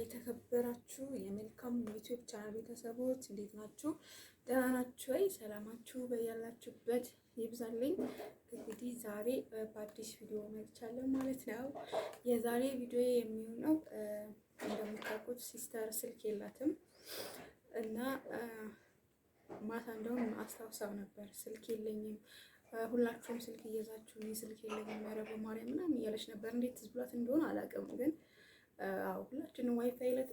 የተከበራችሁ የመልካም ዩቲዩብ ቻናል ቤተሰቦች እንዴት ናችሁ? ደህና ናችሁ ወይ? ሰላማችሁ በያላችሁበት ይብዛልኝ። እንግዲህ ዛሬ በአዲስ ቪዲዮ መጥቻለሁ ማለት ነው። የዛሬ ቪዲዮ የሚሆነው እንደምታውቁት ሲስተር ስልክ የላትም እና ማታ እንደውም አስታውሳው ነበር ስልክ የለኝም ሁላችሁም ስልክ እየዛችሁ ስልክ የለኝም ኧረ በማርያም ምናምን እያለች ነበር። እንዴት ትዝብላት እንደሆነ አላውቅም ግን ሁላችንም ዋይፋይ ላይ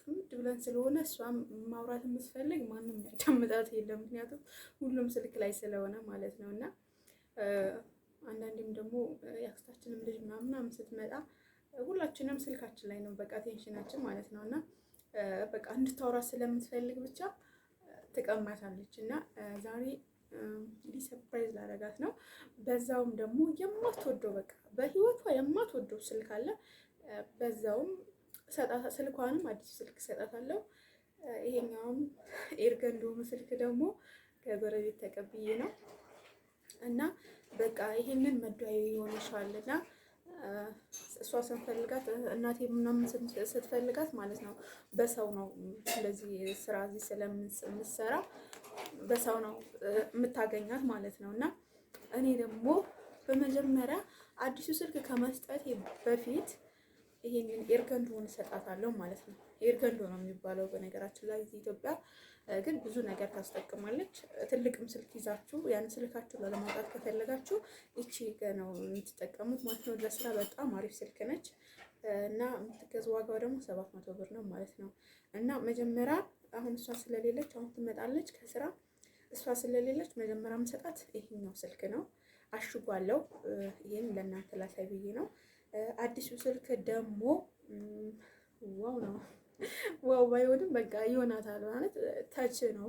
ጥምድ ብለን ስለሆነ እሷም ማውራት የምትፈልግ ማንም ያዳምጣት የለም። ምክንያቱም ሁሉም ስልክ ላይ ስለሆነ ማለት ነው እና አንዳንዴም ደግሞ የአክስታችንም ልጅ ምናምን ስትመጣ ሁላችንም ስልካችን ላይ ነው በቃ ቴንሽናችን ማለት ነው እና በቃ እንድታወራት ስለምትፈልግ ብቻ ትቀማታለች እና ዛሬ እንዲህ ሰርፕራይዝ ላረጋት ነው። በዛውም ደግሞ የማትወደው በቃ በህይወቷ የማትወደው ስልክ አለ በዛውም ስልኳንም አዲሱ ስልክ እሰጣታለሁ። ይሄኛውም ኤርገንዶም ስልክ ደግሞ ከጎረቤት ተቀብዬ ነው እና በቃ ይሄንን መዷያ ይሆንሻል እና እሷ ስንፈልጋት እናቴ ምናምን ስትፈልጋት ማለት ነው በሰው ነው ስለዚህ ስራ እዚህ ስለምትሰራ በሰው ነው የምታገኛት ማለት ነው እና እኔ ደግሞ በመጀመሪያ አዲሱ ስልክ ከመስጠቴ በፊት ይሄንን ኤርከንዶን እሰጣታለሁ ማለት ነው። ኤርከንዶ ነው የሚባለው በነገራችን ላይ እዚህ ኢትዮጵያ ግን ብዙ ነገር ታስጠቅማለች። ትልቅም ስልክ ይዛችሁ ያን ስልካችሁ ላለማውጣት ከፈለጋችሁ ይቺ ነው የምትጠቀሙት ማለት ነው። ለስራ በጣም አሪፍ ስልክ ነች እና የምትገዝ ዋጋው ደግሞ ሰባት መቶ ብር ነው ማለት ነው። እና መጀመሪያ አሁን እሷ ስለሌለች አሁን ትመጣለች ከስራ እሷ ስለሌለች መጀመሪያ የምሰጣት ይሄኛው ስልክ ነው። አሽጓለው ይህም ለእናንተ ላሳይ ብዬ ነው አዲሱ ስልክ ደግሞ ዋው ነው። ዋው ባይሆንም በቃ ይሆናታል ማለት ተች ነው።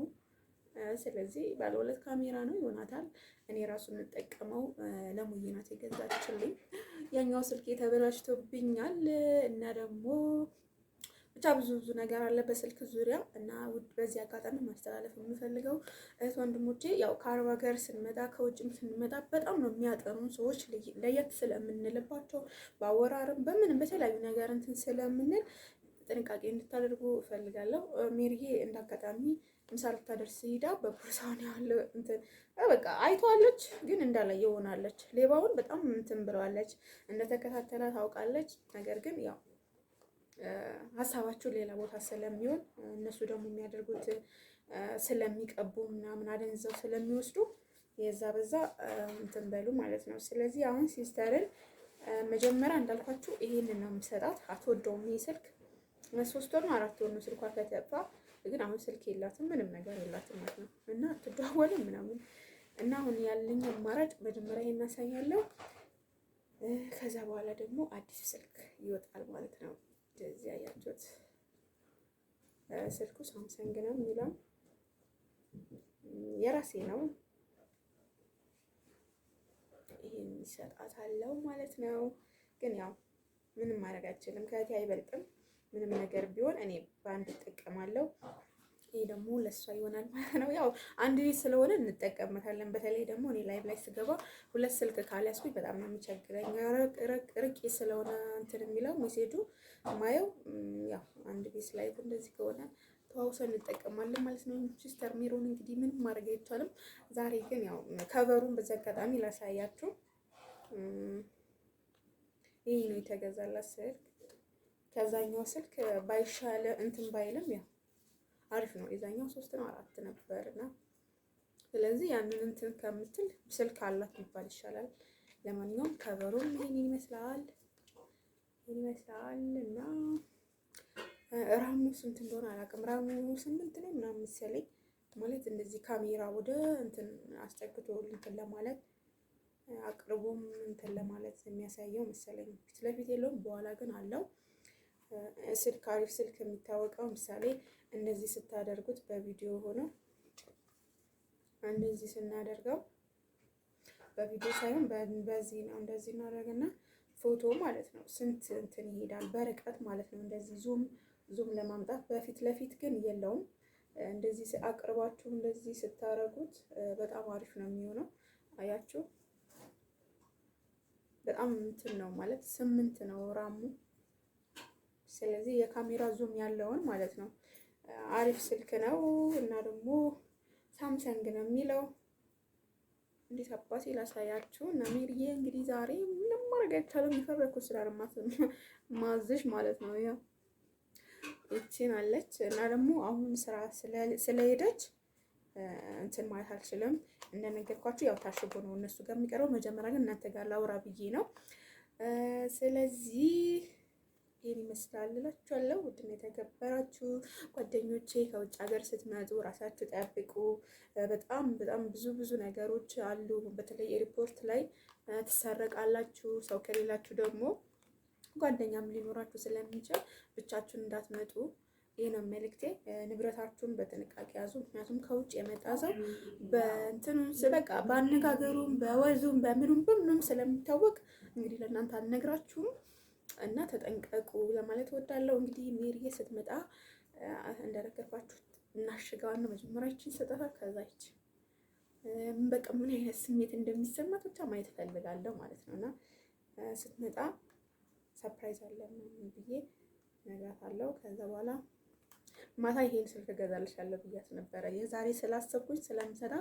ስለዚህ ባለ ሁለት ካሜራ ነው ይሆናታል። እኔ ራሱ የምጠቀመው ለሙዬ ናት የገዛችልኝ። ያኛው ስልክ የተበላሽቶብኛል እና ደግሞ ብቻ ብዙ ብዙ ነገር አለ በስልክ ዙሪያ እና በዚህ አጋጣሚ ማስተላለፍ የምፈልገው እህት ወንድሞቼ፣ ያው ከአረብ ሀገር ስንመጣ ከውጭም ስንመጣ በጣም ነው የሚያጠኑ ሰዎች ለየት ስለምንልባቸው በአወራርም በምንም በተለያዩ ነገር እንትን ስለምንል ጥንቃቄ እንድታደርጉ እፈልጋለሁ። ሜሪዬ እንዳጋጣሚ ምሳ ልታደርስ ሂዳ በቦርሳውን ያለ እንትን በቃ አይተዋለች፣ ግን እንዳላየ ሆናለች። ሌባውን በጣም እንትን ብለዋለች፣ እንደተከታተለ ታውቃለች። ነገር ግን ያው ሀሳባቸው ሌላ ቦታ ስለሚሆን እነሱ ደግሞ የሚያደርጉት ስለሚቀቡ ምናምን አደንዘው ስለሚወስዱ የዛ በዛ እንትን በሉ ማለት ነው። ስለዚህ አሁን ሲስተርን መጀመሪያ እንዳልኳችሁ ይሄንን ነው የምሰጣት። አትወደውም ይሄ ስልክ ሶስት ወር ነው አራት ወር ነው ስልኳ ከተፋ ግን አሁን ስልክ የላትም ምንም ነገር የላትም ማለት ነው። እና አትደዋወልም ምናምን እና አሁን ያለኝ አማራጭ መጀመሪያ ይሄን ከዛ በኋላ ደግሞ አዲስ ስልክ ይወጣል ማለት ነው። እንደዚህ አያችሁት። ስልኩ ሳምሰንግ ነው የሚለው የራሴ ነው። ይሄን ይሰጣታለው ማለት ነው። ግን ያው ምንም ማድረግ አይችልም። ከእቴ አይበልጥም። ምንም ነገር ቢሆን እኔ በአንድ እጠቀማለሁ። ይሄ ደግሞ ለእሷ ይሆናል ማለት ነው። ያው አንድ ቤት ስለሆነ እንጠቀምበታለን። በተለይ ደግሞ እኔ ላይቭ ላይ ስገባ ሁለት ስልክ ካልያዝኩኝ በጣም ነው የሚቸግረኝ። ርቄ ስለሆነ እንትን የሚለው ሜሴጁ ማየው ያው አንድ ቤት ላይ እንደዚህ ከሆነ ተዋውሰ እንጠቀማለን ማለት ነው። ሲስተር ሜሮን እንግዲህ ምንም ማድረግ አይቻልም። ዛሬ ግን ያው ከቨሩን በዚህ አጋጣሚ ላሳያችሁ። ይህ ነው የተገዛላት ስልክ ከዛኛው ስልክ ባይሻለ እንትን ባይልም ያው አሪፍ ነው። የዛኛው ሶስት ነው አራት ነበር እና ስለዚህ ያንን እንትን ከምትል ስልክ አላት ይባል ይሻላል። ለማንኛውም ከበሮም ይሄን ይመስላል ይመስላል እና ራሙ ስንት እንደሆነ አላውቅም። ራሙ ስምንት ነው ምናምን መሰለኝ። ማለት እንደዚህ ካሜራ ወደ እንትን አስጠግቶ እንትን ለማለት አቅርቦም እንትን ለማለት የሚያሳየው መሰለኝ። ፊት ለፊት የለውም፣ በኋላ ግን አለው። ስልክ አሪፍ ስልክ የሚታወቀው ምሳሌ እነዚህ ስታደርጉት በቪዲዮ ሆኖ እንደዚህ ስናደርገው በቪዲዮ ሳይሆን በዚህ ነው። እንደዚህ እናደርግና ፎቶ ማለት ነው ስንት እንትን ይሄዳል በርቀት ማለት ነው። እንደዚህ ዙም ዙም ለማምጣት በፊት ለፊት ግን የለውም። እንደዚህ አቅርባችሁ እንደዚህ ስታደርጉት በጣም አሪፍ ነው የሚሆነው። አያችሁ በጣም እንትን ነው ማለት ስምንት ነው ራሙ ስለዚህ የካሜራ ዙም ያለውን ማለት ነው። አሪፍ ስልክ ነው እና ደግሞ ሳምሰንግ ነው የሚለው እንዴት አባቴ ላሳያችሁ። እና ሜሪዬ እንግዲህ ዛሬ ምንም ማድረግ አይቻልም። የፈረኩት ስራ ማዝሽ ማለት ነው። ያው ይቺን አለች እና ደግሞ አሁን ስራ ስለሄደች እንትን ማለት አልችልም። እንደነገርኳችሁ ያው ታሽጎ ነው እነሱ ጋር የሚቀርበው። መጀመሪያ ግን እናንተ ጋር ላውራ ብዬ ነው። ስለዚህ ይህን ይመስላል እላችኋለሁ። ውድን የተከበራችሁ ጓደኞቼ ከውጭ ሀገር ስትመጡ ራሳችሁ ጠብቁ። በጣም በጣም ብዙ ብዙ ነገሮች አሉ። በተለይ ኤርፖርት ላይ ትሰረቃላችሁ። ሰው ከሌላችሁ ደግሞ ጓደኛም ሊኖራችሁ ስለሚችል ብቻችሁን እንዳትመጡ። ይህ ነው መልእክቴ። ንብረታችሁን በጥንቃቄ ያዙ። ምክንያቱም ከውጭ የመጣ ሰው በእንትኑም በቃ በአነጋገሩም፣ በወዙም፣ በምኑም በምኑም ስለሚታወቅ እንግዲህ ለእናንተ አልነግራችሁም። እና ተጠንቀቁ ለማለት ወዳለው። እንግዲህ ሜሪዬ ስትመጣ እንደነገርኳችሁ እናሽገዋን ነው መጀመሪያችን ስጠፋ ከዛች በቃ ምን አይነት ስሜት እንደሚሰማት ብቻ ማየት እፈልጋለሁ ማለት ነው። እና ስትመጣ ሰርፕራይዝ አለ ምናምን ብዬ እነግራታለሁ ከዛ በኋላ ማታ ይሄን ስልክ እገዛልሻለሁ ብያት ነበረ። የዛሬ ስላሰብኩኝ ስለምሰራ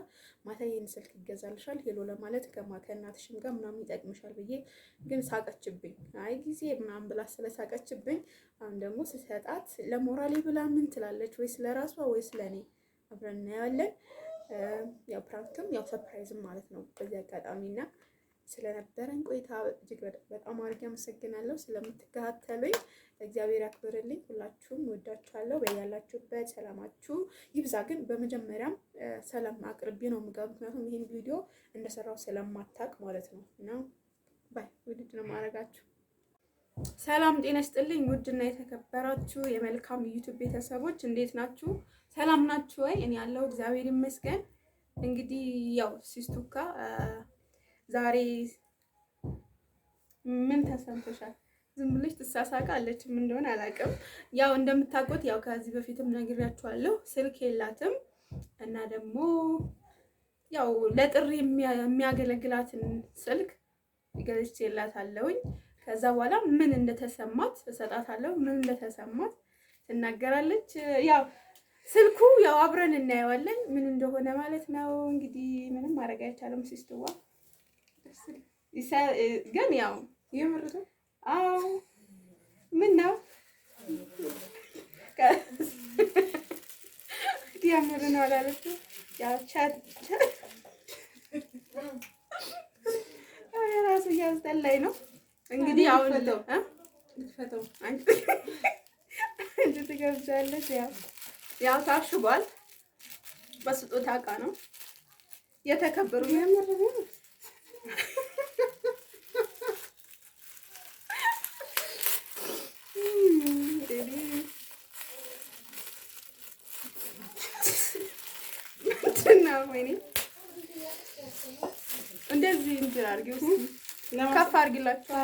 ማታ ይሄን ስልክ ይገዛልሻል ሄሎ ለማለት ከእናትሽም ጋር ምናምን ይጠቅምሻል ብዬ ግን ሳቀችብኝ። አይ ጊዜ ምናምን ብላ ስለሳቀችብኝ አሁን ደግሞ ስሰጣት ለሞራሌ ብላ ምን ትላለች? ወይስ ለራሷ ወይስ ለእኔ? አብረን እናያለን። ያው ፕራንክም ያው ሰርፕራይዝም ማለት ነው በዚህ አጋጣሚና ስለነበረን ቆይታ እጅግ በጣም አድርጌ አመሰግናለሁ። ስለምትከታተሉኝ እግዚአብሔር ያክብርልኝ። ሁላችሁም ወዳችኋለሁ። በያላችሁበት ሰላማችሁ ይብዛ። ግን በመጀመሪያም ሰላም አቅርቢ ነው የምገባው፣ ምክንያቱም ይህን ቪዲዮ እንደሰራው ስለማታውቅ ማለት ነው እና ባይ ውድድ ነው ማድረጋችሁ። ሰላም ጤና ይስጥልኝ። ውድና የተከበራችሁ የመልካም ዩቱብ ቤተሰቦች እንዴት ናችሁ? ሰላም ናችሁ ወይ? እኔ ያለው እግዚአብሔር ይመስገን። እንግዲህ ያው ሲስቱካ ዛሬ ምን ተሰምቶሻል? ዝም ብለሽ ትሳሳቃለች። ምን እንደሆነ አላውቅም። ያው እንደምታውቁት ያው ከዚህ በፊትም ነግሬያችኋለሁ፣ ስልክ የላትም እና ደግሞ ያው ለጥሪ የሚያገለግላትን ስልክ ገዝቼላታለሁኝ። ከዛ በኋላ ምን እንደተሰማት እሰጣታለሁ። ምን እንደተሰማት ትናገራለች። ያው ስልኩ ያው አብረን እናየዋለን ምን እንደሆነ ማለት ነው። እንግዲህ ምንም ማድረግ አይቻልም ሲስትዋ ግን ያው የምር አዎ፣ ምን ነው ያምር ነው ያው ቻት እያስጠላኝ ነው እንግዲህ አሁን ልትፈተው አንቺ ያው ያው ታሽጓል። በስጦታ ነው የተከበሩ እንደዚህ እንትን አድርጊው ከፍ አድርጊላቸው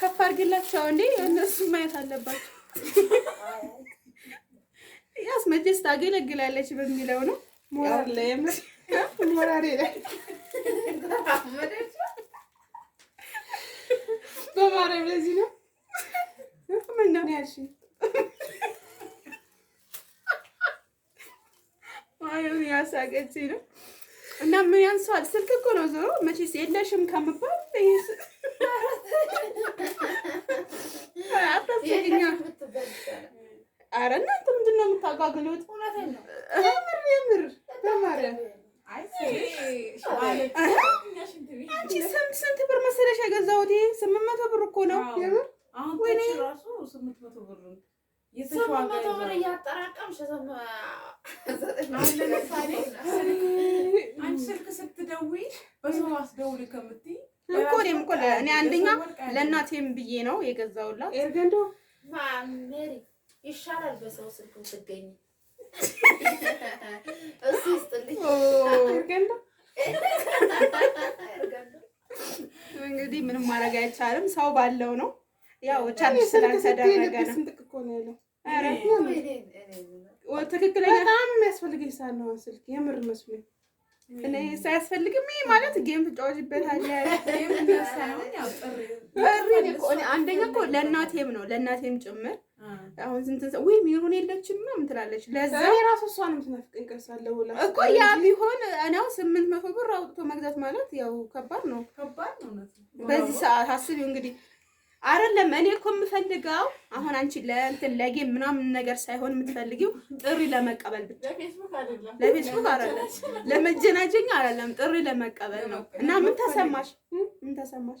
ከፍ አድርጊላቸው። እንደ እነሱ ማየት አለባቸው። ያስመጀስ ታገለግላለች በሚለው ነው ሞራል ላይ በማርያም ለዚህ ነው ምነው ያልሽኝ? ያሳቀችኝ ነው። እና ምን ያንሰዋል? ስልክ እኮ ነው ዞሮ መቼስ የለሽም ከምባል አረ እናንተ ምንድን ነው የምታጓግሉት? የምር የምር በማርያም አንቺ ስንት ብር መሰለሽ የገዛሁት? ስምንት መቶ ብር እኮ ነው። ስልክ እኮ እኔም እኮ እኔ አንደኛ ለእናቴም ብዬ ነው የገዛሁላት። ይሻላል በሰው ስልክ ትገኝ አይቻልም። ሰው ባለው ነው ያው ቻንስ ስላልተደረገ ነው። ትክክለኛ በጣም የሚያስፈልገኝ ሳለ ስልክ የምር መስሎኝ እኔ ሳያስፈልግም ማለት ጌም ትጫወችበታለህ። አንደኛ እኮ ለእናቴም ነው ለእናቴም ጭምር አሁን ዝም ትንሰ ወይ ሚሮን የለችም ምናምን ትላለች። ለዛ የራሱ እሷን የምትነፍቅን ቅርስ አለ እኮ ያ ቢሆን እኔው ስምንት መቶ ብር አውጥቶ መግዛት ማለት ያው ከባድ ነው፣ ከባድ ነው በዚህ ሰዓት አስቢው እንግዲህ አይደለም እኔ እኮ የምፈልገው አሁን አንቺ ለእንትን ለጌ ምናምን ነገር ሳይሆን የምትፈልጊው ጥሪ ለመቀበል ብቻ ለፌስቡክ አይደለም ለመጀናጀኛ አይደለም ጥሪ ለመቀበል ነው። እና ምን ተሰማሽ? ምን ተሰማሽ?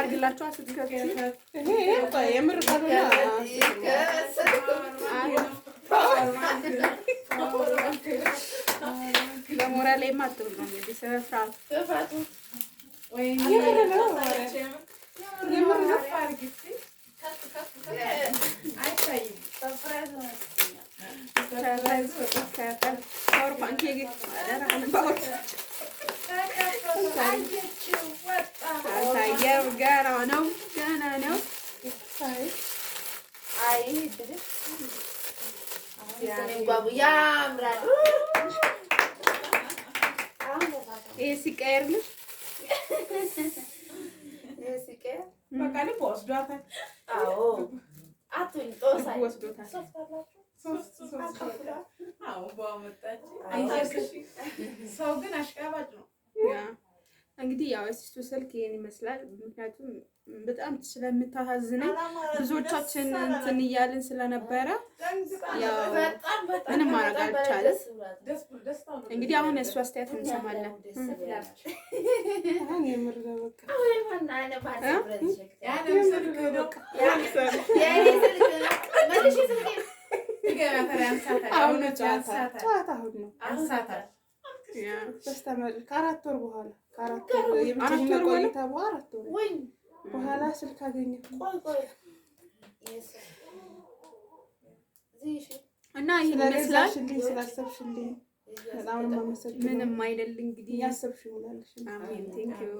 አድርግላችኋል የምር በሞራል የማትሉ ነው እንግዲህ አልታየም። ገና ነው ገና ነው። ያምራል። ይሄ ሲቀየር በቃ ልብ ወስዷታል። አዎ ሰው ግን አሽቃባጭ ነው። እንግዲህ ያው የሲስቱ ስልክ ይሄን ይመስላል። ምክንያቱም በጣም ስለምታሳዝነኝ ብዙዎቻችን እንትን እያልን ስለነበረ ምንም ማድረግ አልቻለም። እንግዲህ አሁን የእሱ አስተያየት እንሰማለን። ያለ ስልክ አሁን ጨዋታ አሁን ነው። በስተመጨረሻ ከአራት ወር በኋላ ከአራት ወር ቆይታ በኋላ አራት ወር በኋላ ስልክ አገኘ እና ይህን ይመስላል። ስላሰብሽልኝ በጣም ነው የማመሰግነው። ምንም አይደል እንግዲህ ያሰብሽው እላለሽ። አሜን። ቴንኪው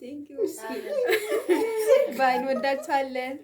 ቴንኪው። ባይ እንወዳችኋለን።